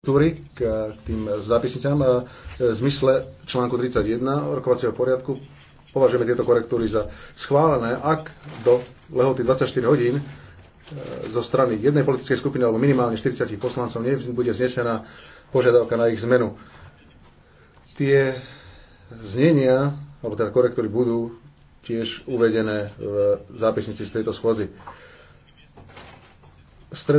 kultúry k tým zápisnicám e, v zmysle článku 31 rokovacieho poriadku považujeme tieto korektúry za schválené, ak do lehoty 24 hodín e, zo strany jednej politickej skupiny alebo minimálne 40 poslancov nebude znesená požiadavka na ich zmenu. Tie znenia, alebo teda korektúry budú tiež uvedené v zápisnici z tejto schôzy. V stredu